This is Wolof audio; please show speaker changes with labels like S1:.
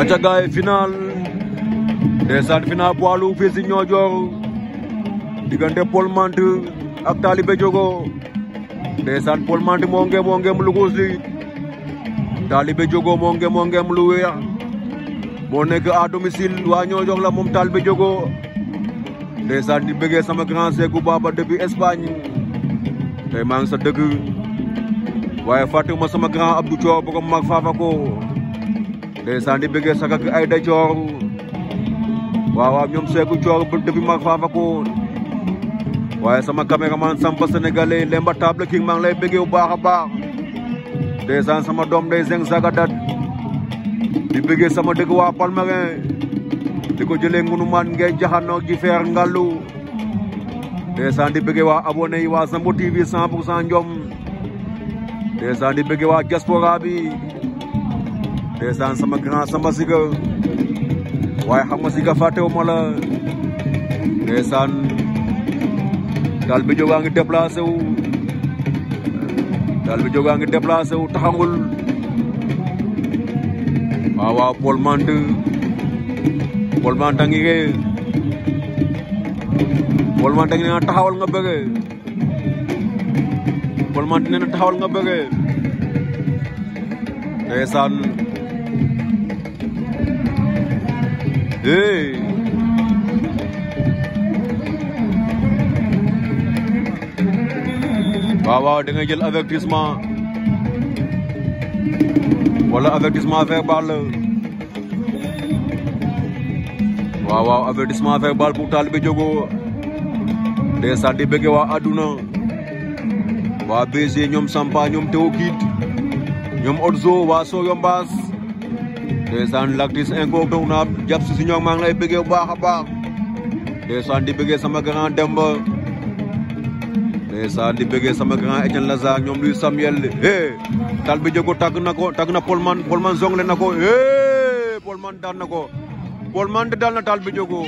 S1: aca gaay final ndeysaan final poids lourd fii si Niodior diggante Paul ak Talibé Diogo ndeysaan Paul Menthe moo ngeem li Talibé Diogo moo lu weex moo nekk à domicile waa Niodior la moom Talibé Diogo ndeysaan di bëggee sama grand seeku baba depuis Espagne tey maa waaye fàttewuma sama grand Abdou Thior borom mag faafa ndeysaan di bëggee saka ak ay da coor waaw waaw ñoom seeku coor bu depuis ma faafa waaye sama caméraman sampa sénégalais lemba table king maa ngi lay bëggee bu baax a baax ndeysaan sama doom day zeng saga di bëggee sama dëkk waa Palmarin di ko jëlee ngunumaan ngay jaxanoo ji feer ngàllu di bëggee waa abonné yi waa Zambro TV 100 pour cent di bëggee waa diaspora ndeysaan sama grand sama Siga waaye xam nga Siga fàttewuma la ndeysaan daal bi jógaa ngi déplacé wu dal bi jógaa ngi déplacé wu taxangul waaw waaw Paul Mante Paul Mante ngi ngay Paul Mante ngi nee taxawal nga bëggee Paul Mante nee taxawal nga bëggee ndeysaan Hey. waaw waaw da nga jël avertissement wala avertissement verbal la waaw waaw avertissement verbal pour taalibe Diogo ndeysaan waa àdduna waa BG ñoom Sampa ñoom Théokit ñoom Orzo waa Soyombaas ndeysaan laktis inko gëw naa jàpp si si ñoom maa ngi lay bëggee baax a baax di bëggee sama grand Demba ndeysaan di bëggee sama grand Etienne Lazare ñoom luy Samuel eh tal bi jógo tàgg na ko man na Polman Polman zongle na ko eh Polman daan na ko Polman na tal bi